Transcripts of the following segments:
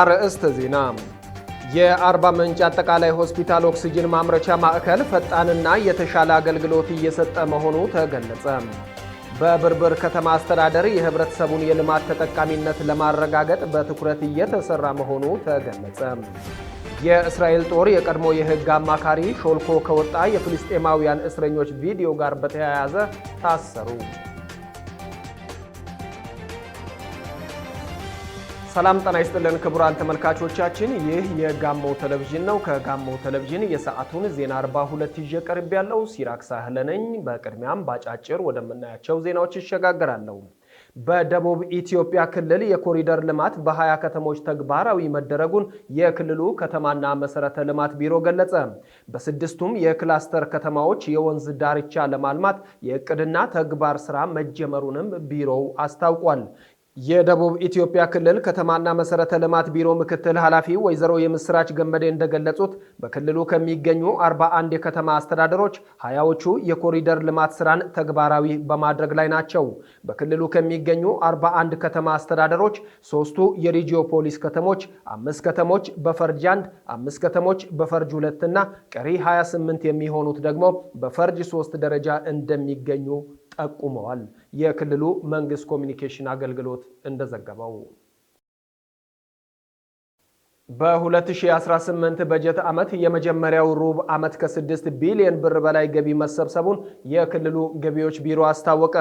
አርዕስተ ዜና የአርባ ምንጭ አጠቃላይ ሆስፒታል ኦክስጅን ማምረቻ ማዕከል ፈጣንና የተሻለ አገልግሎት እየሰጠ መሆኑ ተገለጸ። በብርብር ከተማ አስተዳደር የህብረተሰቡን የልማት ተጠቃሚነት ለማረጋገጥ በትኩረት እየተሰራ መሆኑ ተገለጸ። የእስራኤል ጦር የቀድሞ የህግ አማካሪ ሾልኮ ከወጣ የፍልስጤማውያን እስረኞች ቪዲዮ ጋር በተያያዘ ታሰሩ። ሰላም ጠና ይስጥልን ክቡራን ተመልካቾቻችን፣ ይህ የጋሞ ቴሌቪዥን ነው። ከጋሞ ቴሌቪዥን የሰዓቱን ዜና 42 ይዤ ቀርብ ያለው ሲራክ ሳህለ ነኝ። በቅድሚያም ባጫጭር ወደምናያቸው ዜናዎች ይሸጋገራለሁ። በደቡብ ኢትዮጵያ ክልል የኮሪደር ልማት በሀያ ከተሞች ተግባራዊ መደረጉን የክልሉ ከተማና መሰረተ ልማት ቢሮ ገለጸ። በስድስቱም የክላስተር ከተማዎች የወንዝ ዳርቻ ለማልማት የእቅድና ተግባር ስራ መጀመሩንም ቢሮው አስታውቋል። የደቡብ ኢትዮጵያ ክልል ከተማና መሰረተ ልማት ቢሮ ምክትል ኃላፊ ወይዘሮ የምስራች ገመዴ እንደገለጹት በክልሉ ከሚገኙ 41 የከተማ አስተዳደሮች ሀያዎቹ የኮሪደር ልማት ስራን ተግባራዊ በማድረግ ላይ ናቸው። በክልሉ ከሚገኙ 41 ከተማ አስተዳደሮች ሶስቱ የሪጂዮ ፖሊስ ከተሞች፣ አምስት ከተሞች በፈርጅ አንድ፣ አምስት ከተሞች በፈርጅ 2ና ቀሪ 28 የሚሆኑት ደግሞ በፈርጅ ሶስት ደረጃ እንደሚገኙ ጠቁመዋል። የክልሉ መንግስት ኮሚኒኬሽን አገልግሎት እንደዘገበው በ2018 በጀት ዓመት የመጀመሪያው ሩብ ዓመት ከ6 ቢሊዮን ብር በላይ ገቢ መሰብሰቡን የክልሉ ገቢዎች ቢሮ አስታወቀ።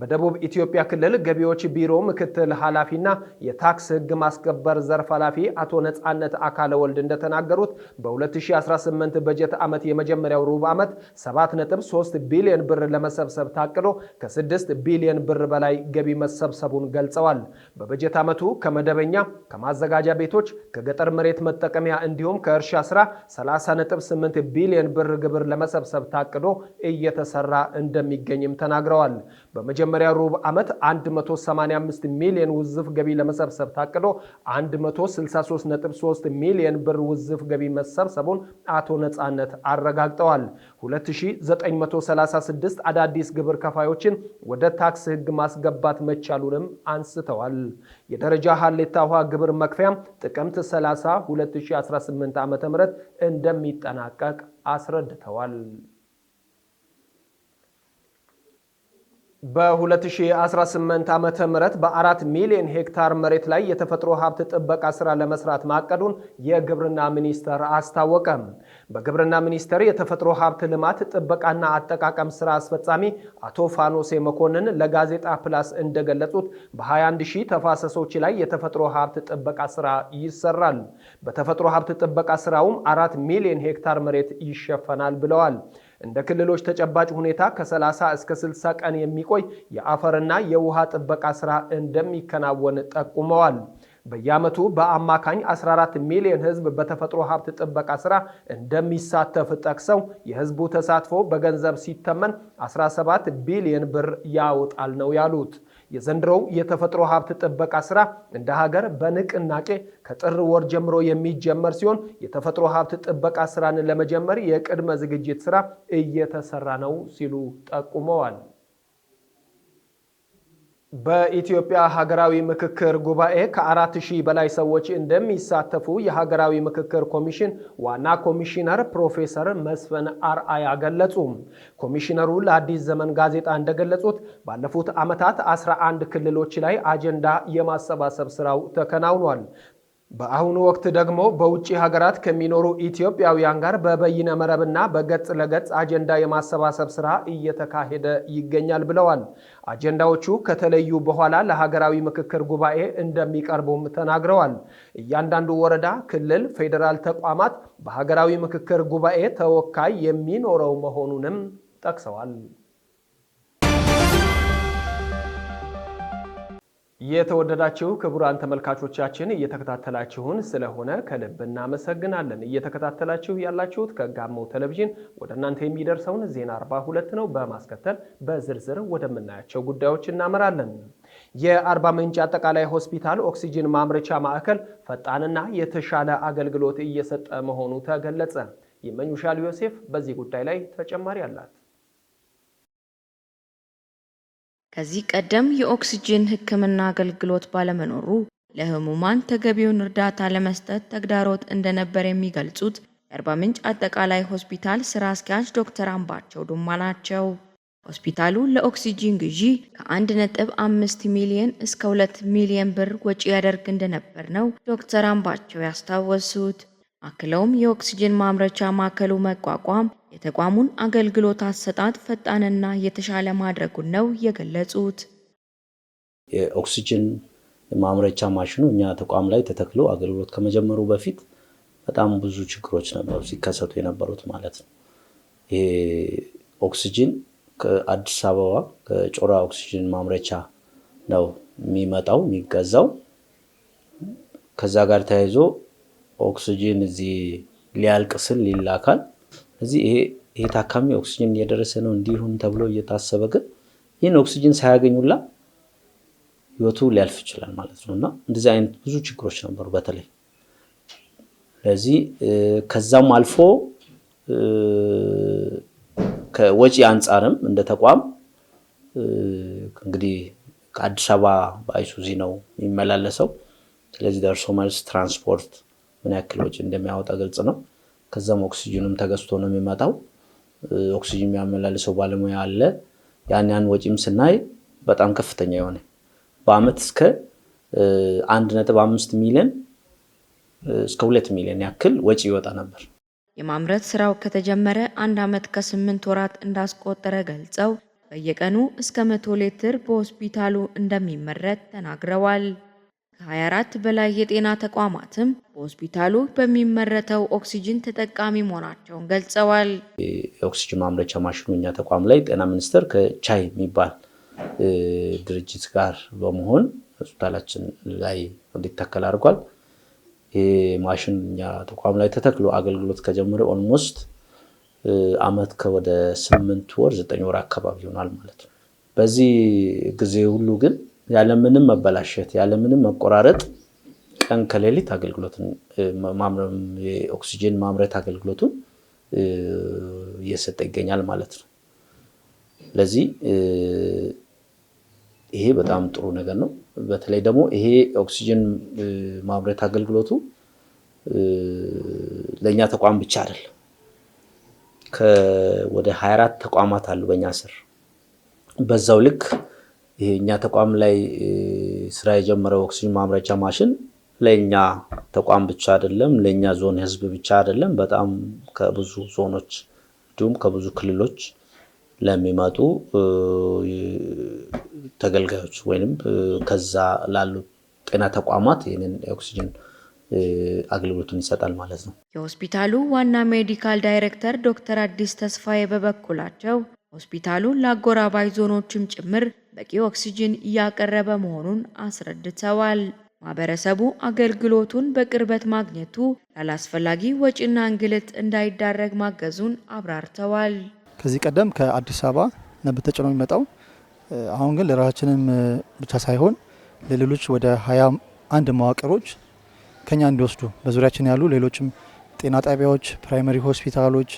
በደቡብ ኢትዮጵያ ክልል ገቢዎች ቢሮ ምክትል ኃላፊና የታክስ ሕግ ማስከበር ዘርፍ ኃላፊ አቶ ነጻነት አካለ ወልድ እንደተናገሩት በ2018 በጀት ዓመት የመጀመሪያው ሩብ ዓመት 7.3 ቢሊዮን ብር ለመሰብሰብ ታቅዶ ከ6 ቢሊዮን ብር በላይ ገቢ መሰብሰቡን ገልጸዋል። በበጀት ዓመቱ ከመደበኛ ከማዘጋጃ ቤቶች ከገጠ የአርሶአደር መሬት መጠቀሚያ እንዲሁም ከእርሻ ስራ 30.8 ቢሊዮን ብር ግብር ለመሰብሰብ ታቅዶ እየተሰራ እንደሚገኝም ተናግረዋል። በመጀመሪያ ሩብ ዓመት 185 ሚሊዮን ውዝፍ ገቢ ለመሰብሰብ ታቅዶ 163.3 ሚሊዮን ብር ውዝፍ ገቢ መሰብሰቡን አቶ ነፃነት አረጋግጠዋል። 2936 አዳዲስ ግብር ከፋዮችን ወደ ታክስ ሕግ ማስገባት መቻሉንም አንስተዋል። የደረጃ ሀሌታ ውሃ ግብር መክፈያ ጥቅምት 30 2018 ዓ.ም እንደሚጠናቀቅ አስረድተዋል። በ2018 ዓመተ ምህረት በአራት ሚሊዮን ሄክታር መሬት ላይ የተፈጥሮ ሀብት ጥበቃ ስራ ለመስራት ማቀዱን የግብርና ሚኒስቴር አስታወቀ። በግብርና ሚኒስቴር የተፈጥሮ ሀብት ልማት ጥበቃና አጠቃቀም ስራ አስፈጻሚ አቶ ፋኖሴ መኮንን ለጋዜጣ ፕላስ እንደገለጹት በ21 ሺህ ተፋሰሶች ላይ የተፈጥሮ ሀብት ጥበቃ ስራ ይሰራል። በተፈጥሮ ሀብት ጥበቃ ስራውም አራት ሚሊዮን ሄክታር መሬት ይሸፈናል ብለዋል። እንደ ክልሎች ተጨባጭ ሁኔታ ከ30 እስከ 60 ቀን የሚቆይ የአፈርና የውሃ ጥበቃ ስራ እንደሚከናወን ጠቁመዋል። በየዓመቱ በአማካኝ 14 ሚሊዮን ሕዝብ በተፈጥሮ ሀብት ጥበቃ ስራ እንደሚሳተፍ ጠቅሰው የሕዝቡ ተሳትፎ በገንዘብ ሲተመን 17 ቢሊዮን ብር ያወጣል ነው ያሉት። የዘንድሮው የተፈጥሮ ሀብት ጥበቃ ስራ እንደ ሀገር በንቅናቄ ከጥር ወር ጀምሮ የሚጀመር ሲሆን የተፈጥሮ ሀብት ጥበቃ ስራን ለመጀመር የቅድመ ዝግጅት ስራ እየተሰራ ነው ሲሉ ጠቁመዋል። በኢትዮጵያ ሀገራዊ ምክክር ጉባኤ ከአራት ሺህ በላይ ሰዎች እንደሚሳተፉ የሀገራዊ ምክክር ኮሚሽን ዋና ኮሚሽነር ፕሮፌሰር መስፍን አርአያ ገለጹ። ኮሚሽነሩ ለአዲስ ዘመን ጋዜጣ እንደገለጹት ባለፉት ዓመታት 11 ክልሎች ላይ አጀንዳ የማሰባሰብ ስራው ተከናውኗል። በአሁኑ ወቅት ደግሞ በውጭ ሀገራት ከሚኖሩ ኢትዮጵያውያን ጋር በበይነ መረብና በገጽ ለገጽ አጀንዳ የማሰባሰብ ስራ እየተካሄደ ይገኛል ብለዋል። አጀንዳዎቹ ከተለዩ በኋላ ለሀገራዊ ምክክር ጉባኤ እንደሚቀርቡም ተናግረዋል። እያንዳንዱ ወረዳ፣ ክልል፣ ፌዴራል ተቋማት በሀገራዊ ምክክር ጉባኤ ተወካይ የሚኖረው መሆኑንም ጠቅሰዋል። የተወደዳችሁ ክቡራን ተመልካቾቻችን እየተከታተላችሁን ስለሆነ ከልብ እናመሰግናለን። እየተከታተላችሁ ያላችሁት ከጋሞ ቴሌቪዥን ወደ እናንተ የሚደርሰውን ዜና 42 ነው። በማስከተል በዝርዝር ወደምናያቸው ጉዳዮች እናመራለን። የአርባ ምንጭ አጠቃላይ ሆስፒታል ኦክሲጅን ማምረቻ ማዕከል ፈጣንና የተሻለ አገልግሎት እየሰጠ መሆኑ ተገለጸ። የመኙሻል ዮሴፍ በዚህ ጉዳይ ላይ ተጨማሪ አላት። ከዚህ ቀደም የኦክስጂን ሕክምና አገልግሎት ባለመኖሩ ለህሙማን ተገቢውን እርዳታ ለመስጠት ተግዳሮት እንደነበር የሚገልጹት የአርባ ምንጭ አጠቃላይ ሆስፒታል ስራ አስኪያጅ ዶክተር አምባቸው ዱማ ናቸው። ሆስፒታሉ ለኦክሲጂን ግዢ ከ1.5 ሚሊዮን እስከ 2 ሚሊዮን ብር ወጪ ያደርግ እንደነበር ነው ዶክተር አምባቸው ያስታወሱት። አክለውም የኦክሲጅን ማምረቻ ማዕከሉ መቋቋም የተቋሙን አገልግሎት አሰጣጥ ፈጣንና የተሻለ ማድረጉን ነው የገለጹት። የኦክሲጅን ማምረቻ ማሽኑ እኛ ተቋም ላይ ተተክሎ አገልግሎት ከመጀመሩ በፊት በጣም ብዙ ችግሮች ነበሩ ሲከሰቱ የነበሩት ማለት ነው። ይሄ ኦክሲጅን ከአዲስ አበባ ከጮራ ኦክሲጅን ማምረቻ ነው የሚመጣው የሚገዛው። ከዛ ጋር ተያይዞ ኦክስጂን እዚህ ሊያልቅ ስል ይላካል። እዚህ ይሄ ታካሚ ኦክስጂን እየደረሰ ነው እንዲሁን ተብሎ እየታሰበ ግን ይህን ኦክስጅን ሳያገኙላ ህይወቱ ሊያልፍ ይችላል ማለት ነው። እና እንደዚህ አይነት ብዙ ችግሮች ነበሩ በተለይ ለዚህ ከዛም አልፎ ከወጪ አንጻርም እንደ ተቋም እንግዲህ ከአዲስ አበባ በአይሱዚ ነው የሚመላለሰው። ስለዚህ ደርሶ መልስ ትራንስፖርት ምን ያክል ወጪ እንደሚያወጣ ግልጽ ነው። ከዛም ኦክሲጅኑም ተገዝቶ ነው የሚመጣው። ኦክሲጅን የሚያመላልሰው ባለሙያ አለ። ያን ያን ወጪም ስናይ በጣም ከፍተኛ የሆነ በአመት እስከ አንድ ነጥብ አምስት ሚሊዮን እስከ ሁለት ሚሊዮን ያክል ወጪ ይወጣ ነበር። የማምረት ስራው ከተጀመረ አንድ ዓመት ከስምንት ወራት እንዳስቆጠረ ገልጸው በየቀኑ እስከ መቶ ሊትር በሆስፒታሉ እንደሚመረት ተናግረዋል። ከ24 በላይ የጤና ተቋማትም በሆስፒታሉ በሚመረተው ኦክሲጅን ተጠቃሚ መሆናቸውን ገልጸዋል። የኦክሲጅን ማምረቻ ማሽኑ እኛ ተቋም ላይ ጤና ሚኒስቴር ከቻይ የሚባል ድርጅት ጋር በመሆን ሆስፒታላችን ላይ እንዲተከል አድርጓል። ይህ ማሽን እኛ ተቋም ላይ ተተክሎ አገልግሎት ከጀመረ ኦልሞስት አመት ከወደ ስምንት ወር ዘጠኝ ወር አካባቢ ይሆናል ማለት ነው። በዚህ ጊዜ ሁሉ ግን ያለምንም መበላሸት ያለምንም መቆራረጥ ቀን ከሌሊት አገልግሎትን ማምረት አገልግሎቱን እየሰጠ ይገኛል ማለት ነው። ስለዚህ ይሄ በጣም ጥሩ ነገር ነው። በተለይ ደግሞ ይሄ ኦክሲጅን ማምረት አገልግሎቱ ለእኛ ተቋም ብቻ አይደል፣ ወደ 24 ተቋማት አሉ በእኛ ስር በዛው ልክ ይሄ እኛ ተቋም ላይ ስራ የጀመረው ኦክሲጅን ማምረቻ ማሽን ለእኛ ተቋም ብቻ አይደለም፣ ለእኛ ዞን ህዝብ ብቻ አይደለም። በጣም ከብዙ ዞኖች እንዲሁም ከብዙ ክልሎች ለሚመጡ ተገልጋዮች ወይም ከዛ ላሉ ጤና ተቋማት ይህንን ኦክሲጅን አገልግሎቱን ይሰጣል ማለት ነው። የሆስፒታሉ ዋና ሜዲካል ዳይሬክተር ዶክተር አዲስ ተስፋዬ በበኩላቸው ሆስፒታሉ ለአጎራባይ ዞኖችም ጭምር በቂ ኦክሲጅን እያቀረበ መሆኑን አስረድተዋል። ማህበረሰቡ አገልግሎቱን በቅርበት ማግኘቱ ላላስፈላጊ ወጪና እንግልት እንዳይዳረግ ማገዙን አብራርተዋል። ከዚህ ቀደም ከአዲስ አበባ ነበር ተጭኖ የሚመጣው። አሁን ግን ለራሳችንም ብቻ ሳይሆን ለሌሎች ወደ ሀያ አንድ መዋቅሮች ከኛ እንዲወስዱ በዙሪያችን ያሉ ሌሎችም ጤና ጣቢያዎች፣ ፕራይመሪ ሆስፒታሎች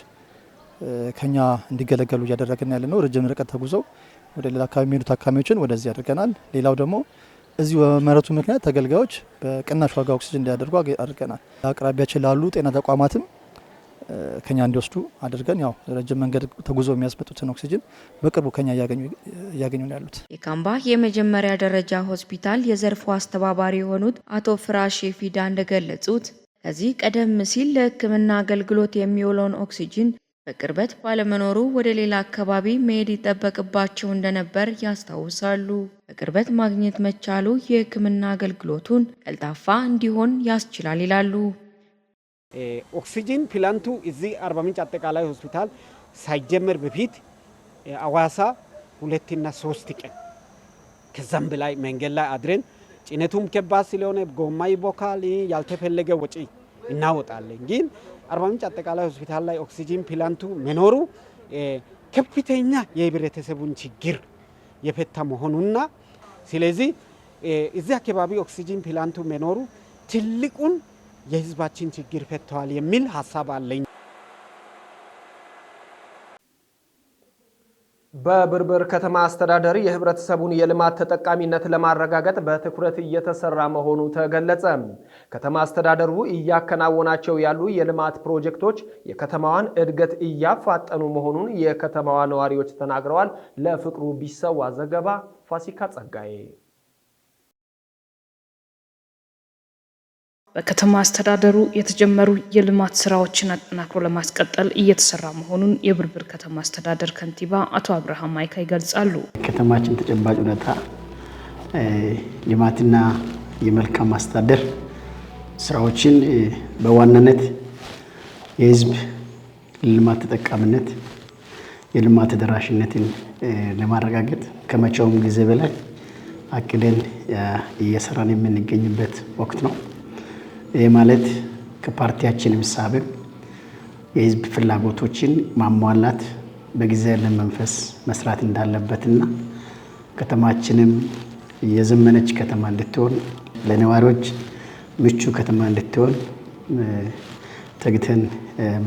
ከኛ እንዲገለገሉ እያደረግን ያለ ነው። ረጅም ርቀት ተጉዘው ወደ ሌላ አካባቢ የሚሄዱ ታካሚዎችን ወደዚህ አድርገናል። ሌላው ደግሞ እዚሁ በመመረቱ ምክንያት ተገልጋዮች በቅናሽ ዋጋ ኦክሲጅን እንዲያደርጉ አድርገናል። አቅራቢያችን ላሉ ጤና ተቋማትም ከኛ እንዲወስዱ አድርገን ያው ረጅም መንገድ ተጉዞ የሚያስመጡትን ኦክሲጅን በቅርቡ ከኛ እያገኙ ነው ያሉት። የካምባ የመጀመሪያ ደረጃ ሆስፒታል የዘርፉ አስተባባሪ የሆኑት አቶ ፍራሽ ፊዳ እንደገለጹት ከዚህ ቀደም ሲል ለሕክምና አገልግሎት የሚውለውን ኦክሲጅን በቅርበት ባለመኖሩ ወደ ሌላ አካባቢ መሄድ ይጠበቅባቸው እንደነበር ያስታውሳሉ። በቅርበት ማግኘት መቻሉ የሕክምና አገልግሎቱን ቀልጣፋ እንዲሆን ያስችላል ይላሉ። ኦክሲጂን ፕላንቱ እዚህ አርባ ምንጭ አጠቃላይ ሆስፒታል ሳይጀመር በፊት አዋሳ ሁለትና ሶስት ቀን ከዛም በላይ መንገድ ላይ አድረን ጭነቱም ከባድ ስለሆነ ጎማ ይቦካል። ያልተፈለገ ወጪ እናወጣለን ግን አርባ ምንጭ አጠቃላይ ሆስፒታል ላይ ኦክሲጂን ፕላንቱ መኖሩ ከፍተኛ የህብረተሰቡን ችግር የፈታ መሆኑና ስለዚህ እዚህ አካባቢ ኦክሲጂን ፕላንቱ መኖሩ ትልቁን የህዝባችን ችግር ፈተዋል የሚል ሀሳብ አለኝ። በብርብር ከተማ አስተዳደር የህብረተሰቡን የልማት ተጠቃሚነት ለማረጋገጥ በትኩረት እየተሰራ መሆኑ ተገለጸ። ከተማ አስተዳደሩ እያከናወናቸው ያሉ የልማት ፕሮጀክቶች የከተማዋን እድገት እያፋጠኑ መሆኑን የከተማዋ ነዋሪዎች ተናግረዋል። ለፍቅሩ ቢሰዋ ዘገባ ፋሲካ ጸጋዬ በከተማ አስተዳደሩ የተጀመሩ የልማት ስራዎችን አጠናክሮ ለማስቀጠል እየተሰራ መሆኑን የብርብር ከተማ አስተዳደር ከንቲባ አቶ አብርሃም ማይካ ይገልጻሉ። ከተማችን ተጨባጭ ሁኔታ ልማትና የመልካም አስተዳደር ስራዎችን በዋናነት የህዝብ ልማት ተጠቃሚነት፣ የልማት ተደራሽነትን ለማረጋገጥ ከመቼውም ጊዜ በላይ አቅደን እየሰራን የምንገኝበት ወቅት ነው። ይህ ማለት ከፓርቲያችንም ሳብም የህዝብ ፍላጎቶችን ማሟላት በጊዜ ለመንፈስ መስራት እንዳለበትና ከተማችንም የዘመነች ከተማ እንድትሆን ለነዋሪዎች ምቹ ከተማ እንድትሆን ተግተን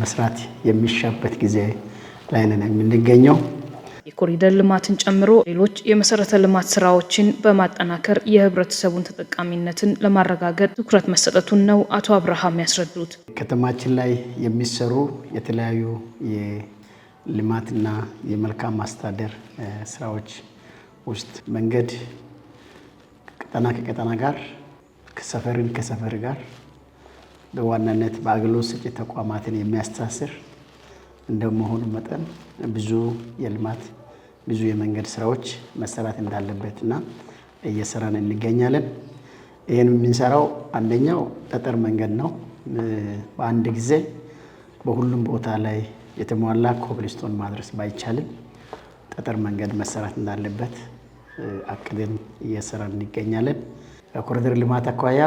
መስራት የሚሻበት ጊዜ ላይ ነን የምንገኘው። የኮሪደር ልማትን ጨምሮ ሌሎች የመሰረተ ልማት ስራዎችን በማጠናከር የህብረተሰቡን ተጠቃሚነትን ለማረጋገጥ ትኩረት መሰጠቱን ነው አቶ አብርሃም ያስረዱት። ከተማችን ላይ የሚሰሩ የተለያዩ የልማትና የመልካም ማስተዳደር ስራዎች ውስጥ መንገድ ቀጠና ከቀጠና ጋር ከሰፈርን ከሰፈር ጋር በዋናነት በአገልግሎት ሰጪ ተቋማትን የሚያስተሳስር እንደመሆኑ መጠን ብዙ የልማት ብዙ የመንገድ ስራዎች መሰራት እንዳለበት እና እየሰራን እንገኛለን። ይህን የምንሰራው አንደኛው ጠጠር መንገድ ነው። በአንድ ጊዜ በሁሉም ቦታ ላይ የተሟላ ኮብልስቶን ማድረስ ባይቻልም ጠጠር መንገድ መሰራት እንዳለበት አቅደን እየሰራን እንገኛለን። ከኮሪደር ልማት አኳያ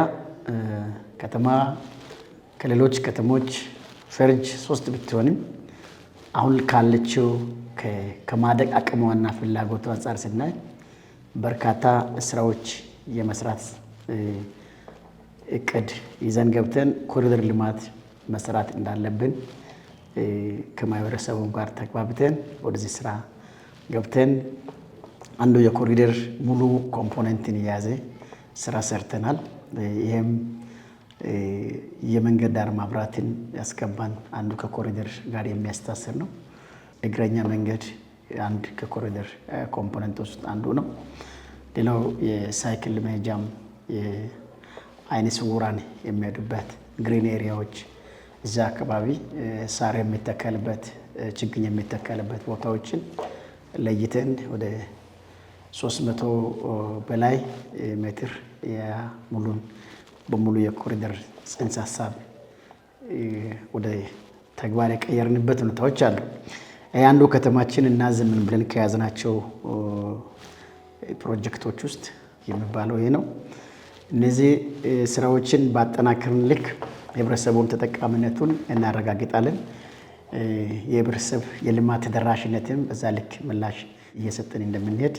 ከተማ ከሌሎች ከተሞች ፈርጅ ሶስት ብትሆንም አሁን ካለችው ከማደግ አቅሟና ፍላጎቱ አንጻር ስናይ በርካታ ስራዎች የመስራት እቅድ ይዘን ገብተን ኮሪደር ልማት መስራት እንዳለብን ከማህበረሰቡ ጋር ተግባብተን ወደዚህ ስራ ገብተን አንዱ የኮሪደር ሙሉ ኮምፖነንትን የያዘ ስራ ሰርተናል። ይህም የመንገድ ዳር ማብራትን ያስገባን አንዱ ከኮሪደር ጋር የሚያስታስር ነው። እግረኛ መንገድ አንድ ከኮሪደር ኮምፖነንቶች ውስጥ አንዱ ነው። ሌላው የሳይክል መሄጃም የአይነ ስውራን የሚሄዱበት ግሪን ኤሪያዎች እዛ አካባቢ ሳር የሚተከልበት ችግኝ የሚተከልበት ቦታዎችን ለይተን ወደ 300 በላይ ሜትር ሙሉን በሙሉ የኮሪደር ጽንሰ ሀሳብ ወደ ተግባር የቀየርንበት ሁኔታዎች አሉ። አንዱ ከተማችን ዘመን ብለን ከያዝናቸው ፕሮጀክቶች ውስጥ የሚባለው ይሄ ነው። እነዚህ ስራዎችን ባጠናከርን ልክ የህብረተሰቡን ተጠቃሚነቱን እናረጋግጣለን። የህብረተሰብ የልማት ተደራሽነትም በዛ ልክ ምላሽ እየሰጠን እንደምንሄድ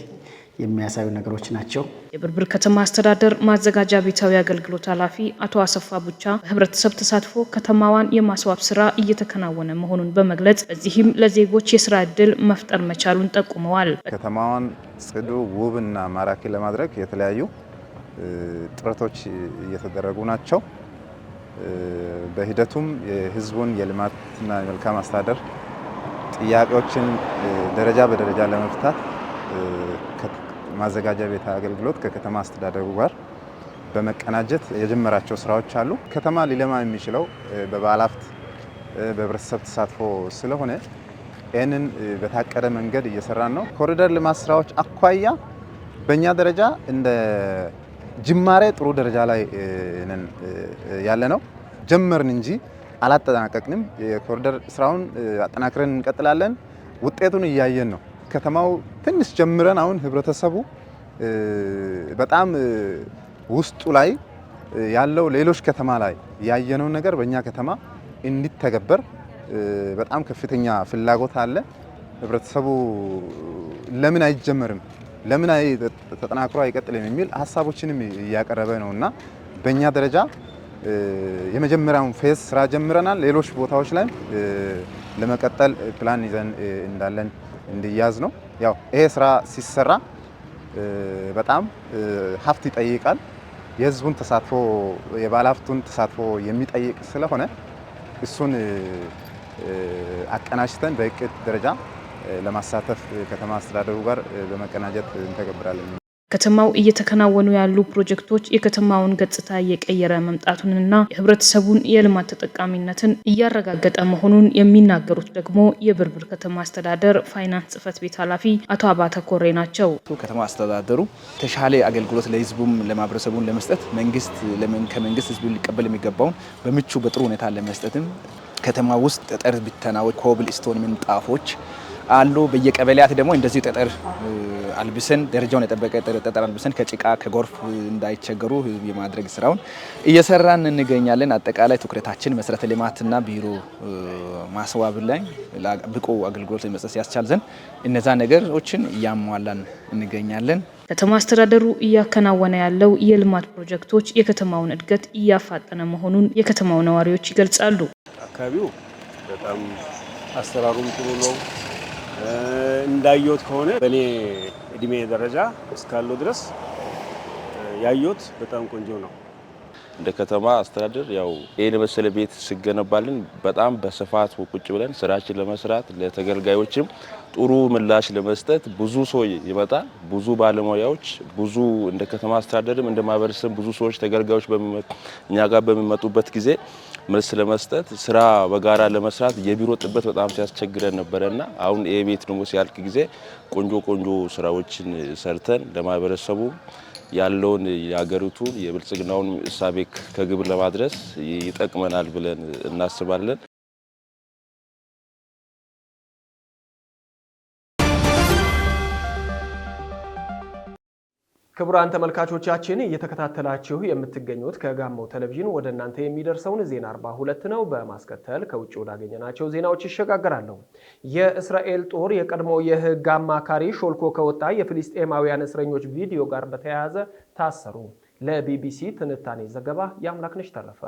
የሚያሳዩ ነገሮች ናቸው። የብርብር ከተማ አስተዳደር ማዘጋጃ ቤታዊ አገልግሎት ኃላፊ አቶ አሰፋ ቡቻ በህብረተሰብ ተሳትፎ ከተማዋን የማስዋብ ስራ እየተከናወነ መሆኑን በመግለጽ በዚህም ለዜጎች የስራ እድል መፍጠር መቻሉን ጠቁመዋል። ከተማዋን ጽዱ፣ ውብ እና ማራኪ ለማድረግ የተለያዩ ጥረቶች እየተደረጉ ናቸው። በሂደቱም የህዝቡን የልማትና የመልካም አስተዳደር ጥያቄዎችን ደረጃ በደረጃ ለመፍታት ማዘጋጃ ቤት አገልግሎት ከከተማ አስተዳደሩ ጋር በመቀናጀት የጀመራቸው ስራዎች አሉ። ከተማ ሊለማ የሚችለው በባለሀብት በህብረተሰብ ተሳትፎ ስለሆነ ይህንን በታቀደ መንገድ እየሰራን ነው። ኮሪደር ልማት ስራዎች አኳያ በእኛ ደረጃ እንደ ጅማሬ ጥሩ ደረጃ ላይ ነን ያለ ነው። ጀመርን እንጂ አላጠናቀቅንም። የኮሪደር ስራውን አጠናክረን እንቀጥላለን። ውጤቱን እያየን ነው። ከተማው ትንሽ ጀምረን አሁን ህብረተሰቡ በጣም ውስጡ ላይ ያለው ሌሎች ከተማ ላይ ያየነውን ነገር በእኛ ከተማ እንዲተገበር በጣም ከፍተኛ ፍላጎት አለ። ህብረተሰቡ ለምን አይጀመርም፣ ለምን ተጠናክሮ አይቀጥልም የሚል ሀሳቦችንም እያቀረበ ነው እና በእኛ ደረጃ የመጀመሪያውን ፌዝ ስራ ጀምረናል። ሌሎች ቦታዎች ላይ ለመቀጠል ፕላን ይዘን እንዳለን እንዲያዝ ነው። ያው ይሄ ስራ ሲሰራ በጣም ሀብት ይጠይቃል። የህዝቡን ተሳትፎ የባለሀብቱን ተሳትፎ የሚጠይቅ ስለሆነ እሱን አቀናጅተን በእቅድ ደረጃ ለማሳተፍ ከተማ አስተዳደሩ ጋር በመቀናጀት እንተገብራለን። ከተማው እየተከናወኑ ያሉ ፕሮጀክቶች የከተማውን ገጽታ እየቀየረ መምጣቱንና የህብረተሰቡን የልማት ተጠቃሚነትን እያረጋገጠ መሆኑን የሚናገሩት ደግሞ የብርብር ከተማ አስተዳደር ፋይናንስ ጽፈት ቤት ኃላፊ አቶ አባተ ኮሬ ናቸው። ከተማ አስተዳደሩ ተሻለ አገልግሎት ለህዝቡም ለማህበረሰቡን ለመስጠት መንግስት ከመንግስት ህዝቡ ሊቀበል የሚገባውን በምቹ በጥሩ ሁኔታ ለመስጠትም ከተማ ውስጥ ጠጠር ብተናዎች፣ ኮብል ስቶን ምንጣፎች አሉ። በየቀበሌያት ደግሞ እንደዚሁ ጠጠር አልብሰን ደረጃውን የጠበቀ ጠጠር አልብሰን ከጭቃ ከጎርፍ እንዳይቸገሩ ህዝብ የማድረግ ስራውን እየሰራን እንገኛለን። አጠቃላይ ትኩረታችን መሰረተ ልማትና ቢሮ ማስዋብ ላይ ብቁ አገልግሎት መስጠት ያስቻል ዘንድ እነዛ ነገሮችን እያሟላን እንገኛለን። ከተማ አስተዳደሩ እያከናወነ ያለው የልማት ፕሮጀክቶች የከተማውን እድገት እያፋጠነ መሆኑን የከተማው ነዋሪዎች ይገልጻሉ። አካባቢው በጣም አሰራሩም ጥሩ ነው። እንዳየሁት ከሆነ በእኔ እድሜ ደረጃ እስካለው ድረስ ያየሁት በጣም ቆንጆ ነው። እንደ ከተማ አስተዳደር ያው ይህን የመሰለ ቤት ሲገነባልን በጣም በስፋት ቁጭ ብለን ስራችን ለመስራት ለተገልጋዮችም ጥሩ ምላሽ ለመስጠት ብዙ ሰው ይመጣል። ብዙ ባለሙያዎች ብዙ እንደ ከተማ አስተዳደርም እንደ ማህበረሰብ ብዙ ሰዎች ተገልጋዮች እኛ ጋር በሚመጡበት ጊዜ መልስ ለመስጠት ስራ በጋራ ለመስራት የቢሮ ጥበት በጣም ሲያስቸግረን ነበረና አሁን ይሄ ቤት ደግሞ ሲያልቅ ጊዜ ቆንጆ ቆንጆ ስራዎችን ሰርተን ለማህበረሰቡ ያለውን የሀገሪቱን የብልጽግናውን እሳቤ ከግብር ለማድረስ ይጠቅመናል ብለን እናስባለን። ክቡራን ተመልካቾቻችን እየተከታተላችሁ የምትገኙት ከጋሞ ቴሌቪዥን ወደ እናንተ የሚደርሰውን ዜና 42 ነው። በማስከተል ከውጭ ወዳገኘናቸው ዜናዎች ይሸጋገራለሁ። የእስራኤል ጦር የቀድሞ የሕግ አማካሪ ሾልኮ ከወጣ የፊልስጤማውያን እስረኞች ቪዲዮ ጋር በተያያዘ ታሰሩ። ለቢቢሲ ትንታኔ ዘገባ የአምላክነሽ ተረፈ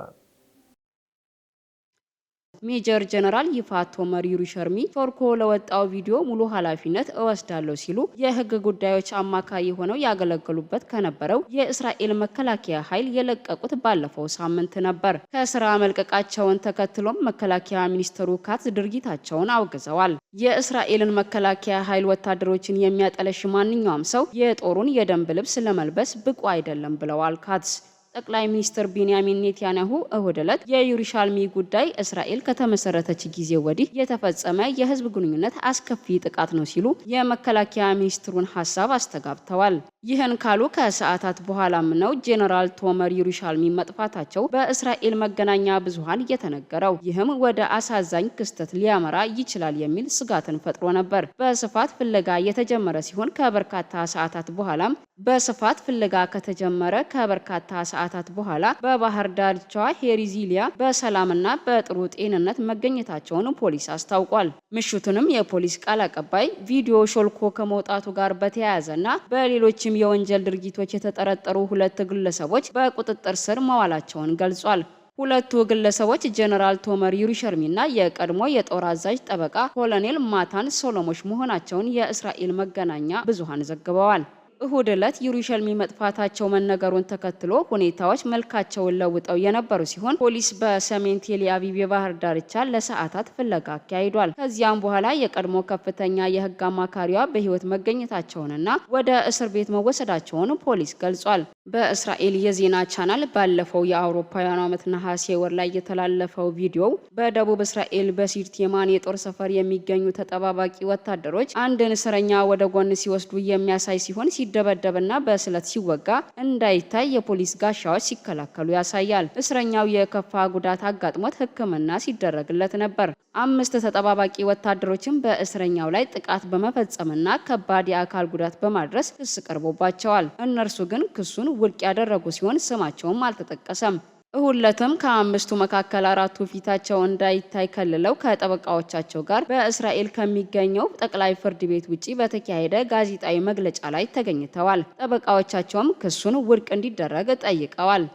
ሜጀር ጀነራል ይፋቶ መሪሩ ሸርሚ ቶርኮ ለወጣው ቪዲዮ ሙሉ ኃላፊነት እወስዳለሁ ሲሉ የህግ ጉዳዮች አማካይ ሆነው ያገለገሉበት ከነበረው የእስራኤል መከላከያ ኃይል የለቀቁት ባለፈው ሳምንት ነበር። ከስራ መልቀቃቸውን ተከትሎም መከላከያ ሚኒስትሩ ካትዝ ድርጊታቸውን አውግዘዋል። የእስራኤልን መከላከያ ኃይል ወታደሮችን የሚያጠለሽ ማንኛውም ሰው የጦሩን የደንብ ልብስ ለመልበስ ብቁ አይደለም ብለዋል ካትዝ ጠቅላይ ሚኒስትር ቢንያሚን ኔታንያሁ እሁድ ዕለት የዩሩሻልሚ ጉዳይ እስራኤል ከተመሰረተች ጊዜ ወዲህ የተፈጸመ የህዝብ ግንኙነት አስከፊ ጥቃት ነው ሲሉ የመከላከያ ሚኒስትሩን ሀሳብ አስተጋብተዋል። ይህን ካሉ ከሰዓታት በኋላም ነው ጄኔራል ቶመር ዩሩሻልሚ መጥፋታቸው በእስራኤል መገናኛ ብዙኃን የተነገረው። ይህም ወደ አሳዛኝ ክስተት ሊያመራ ይችላል የሚል ስጋትን ፈጥሮ ነበር። በስፋት ፍለጋ የተጀመረ ሲሆን ከበርካታ ሰዓታት በኋላም በስፋት ፍለጋ ከተጀመረ ከበርካታ ሰዓታት በኋላ በባህር ዳርቻዋ ሄሪዚሊያ በሰላምና በጥሩ ጤንነት መገኘታቸውን ፖሊስ አስታውቋል። ምሽቱንም የፖሊስ ቃል አቀባይ ቪዲዮ ሾልኮ ከመውጣቱ ጋር በተያያዘና በሌሎችም የወንጀል ድርጊቶች የተጠረጠሩ ሁለት ግለሰቦች በቁጥጥር ስር መዋላቸውን ገልጿል። ሁለቱ ግለሰቦች ጀነራል ቶመር ዩሪሸርሚና የቀድሞ የጦር አዛዥ ጠበቃ ኮሎኔል ማታን ሶሎሞሽ መሆናቸውን የእስራኤል መገናኛ ብዙሃን ዘግበዋል። እሁድ ዕለት ዩሪሸልሚ መጥፋታቸው መነገሩን ተከትሎ ሁኔታዎች መልካቸውን ለውጠው የነበሩ ሲሆን ፖሊስ በሰሜን ቴል አቪቭ የባህር ዳርቻ ለሰዓታት ፍለጋ አካሂዷል። ከዚያም በኋላ የቀድሞ ከፍተኛ የህግ አማካሪዋ በህይወት መገኘታቸውንና ወደ እስር ቤት መወሰዳቸውን ፖሊስ ገልጿል። በእስራኤል የዜና ቻናል ባለፈው የአውሮፓውያኑ ዓመት ነሐሴ ወር ላይ የተላለፈው ቪዲዮው በደቡብ እስራኤል በሲር ቴማን የጦር ሰፈር የሚገኙ ተጠባባቂ ወታደሮች አንድን እስረኛ ወደ ጎን ሲወስዱ የሚያሳይ ሲሆን ሲደበደብና በስለት ሲወጋ እንዳይታይ የፖሊስ ጋሻዎች ሲከላከሉ ያሳያል። እስረኛው የከፋ ጉዳት አጋጥሞት ሕክምና ሲደረግለት ነበር። አምስት ተጠባባቂ ወታደሮችም በእስረኛው ላይ ጥቃት በመፈጸምና ከባድ የአካል ጉዳት በማድረስ ክስ ቀርቦባቸዋል። እነርሱ ግን ክሱን ውድቅ ያደረጉ ሲሆን ስማቸውም አልተጠቀሰም። እሁለትም ከአምስቱ መካከል አራቱ ፊታቸው እንዳይታይ ከልለው ከጠበቃዎቻቸው ጋር በእስራኤል ከሚገኘው ጠቅላይ ፍርድ ቤት ውጪ በተካሄደ ጋዜጣዊ መግለጫ ላይ ተገኝተዋል። ጠበቃዎቻቸውም ክሱን ውድቅ እንዲደረግ ጠይቀዋል።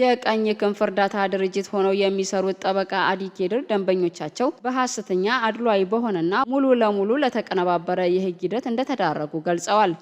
የቀኝ ክንፍ እርዳታ ድርጅት ሆነው የሚሰሩት ጠበቃ አዲኬድር ደንበኞቻቸው በሐሰተኛ አድሏዊ በሆነና ሙሉ ለሙሉ ለተቀነባበረ የህግ ሂደት እንደተዳረጉ ገልጸዋል።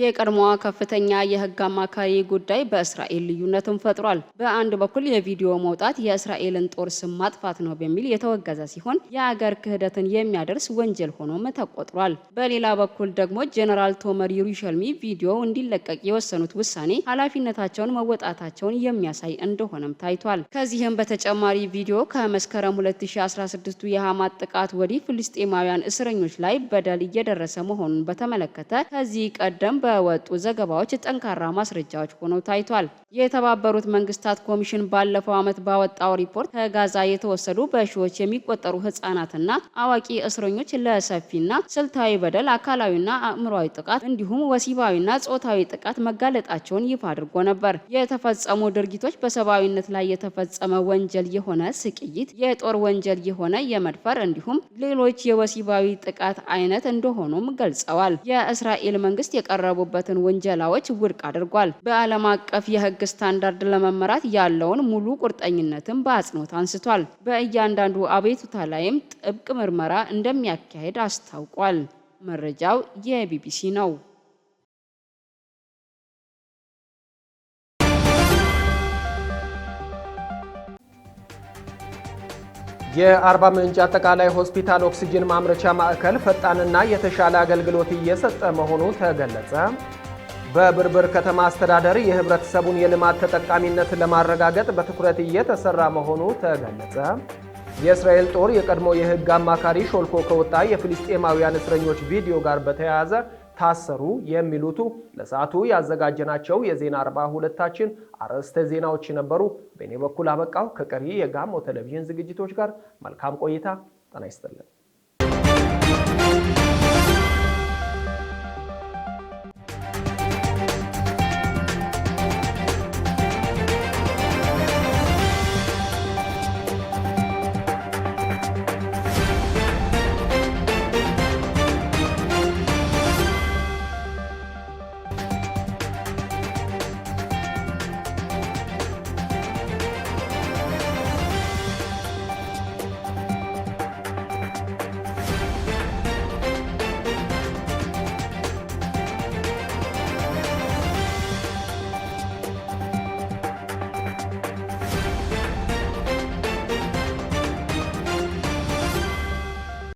የቀድሞዋ ከፍተኛ የሕግ አማካሪ ጉዳይ በእስራኤል ልዩነትን ፈጥሯል። በአንድ በኩል የቪዲዮ መውጣት የእስራኤልን ጦር ስም ማጥፋት ነው በሚል የተወገዘ ሲሆን የአገር ክህደትን የሚያደርስ ወንጀል ሆኖም ተቆጥሯል። በሌላ በኩል ደግሞ ጄኔራል ቶመር ዩሩሸልሚ ቪዲዮ እንዲለቀቅ የወሰኑት ውሳኔ ኃላፊነታቸውን መወጣታቸውን የሚያሳይ እንደሆነም ታይቷል። ከዚህም በተጨማሪ ቪዲዮ ከመስከረም 2016ቱ የሐማት ጥቃት ወዲህ ፍልስጤማውያን እስረኞች ላይ በደል እየደረሰ መሆኑን በተመለከተ ከዚህ ቀደም በወጡ ዘገባዎች ጠንካራ ማስረጃዎች ሆነው ታይቷል። የተባበሩት መንግስታት ኮሚሽን ባለፈው ዓመት ባወጣው ሪፖርት ከጋዛ የተወሰዱ በሺዎች የሚቆጠሩ ህጻናትና አዋቂ እስረኞች ለሰፊና ስልታዊ በደል፣ አካላዊና አእምሯዊ ጥቃት እንዲሁም ወሲባዊና ጾታዊ ጥቃት መጋለጣቸውን ይፋ አድርጎ ነበር። የተፈጸሙ ድርጊቶች በሰብአዊነት ላይ የተፈጸመ ወንጀል የሆነ ስቅይት፣ የጦር ወንጀል የሆነ የመድፈር እንዲሁም ሌሎች የወሲባዊ ጥቃት አይነት እንደሆኑም ገልጸዋል። የእስራኤል መንግስት የቀረ የቀረቡበትን ውንጀላዎች ውድቅ አድርጓል። በዓለም አቀፍ የሕግ ስታንዳርድ ለመመራት ያለውን ሙሉ ቁርጠኝነትን በአጽንኦት አንስቷል። በእያንዳንዱ አቤቱታ ላይም ጥብቅ ምርመራ እንደሚያካሄድ አስታውቋል። መረጃው የቢቢሲ ነው። የአርባ ምንጭ አጠቃላይ ሆስፒታል ኦክሲጅን ማምረቻ ማዕከል ፈጣንና የተሻለ አገልግሎት እየሰጠ መሆኑ ተገለጸ። በብርብር ከተማ አስተዳደር የህብረተሰቡን የልማት ተጠቃሚነት ለማረጋገጥ በትኩረት እየተሰራ መሆኑ ተገለጸ። የእስራኤል ጦር የቀድሞ የህግ አማካሪ ሾልኮ ከወጣ የፊልስጤማውያን እስረኞች ቪዲዮ ጋር በተያያዘ ታሰሩ የሚሉቱ ለሰዓቱ ያዘጋጀናቸው የዜና አርባ ሁለታችን አርዕስተ ዜናዎች ነበሩ። በእኔ በኩል አበቃው። ከቀሪ የጋሞ ቴሌቪዥን ዝግጅቶች ጋር መልካም ቆይታ። ጤና ይስጥልን።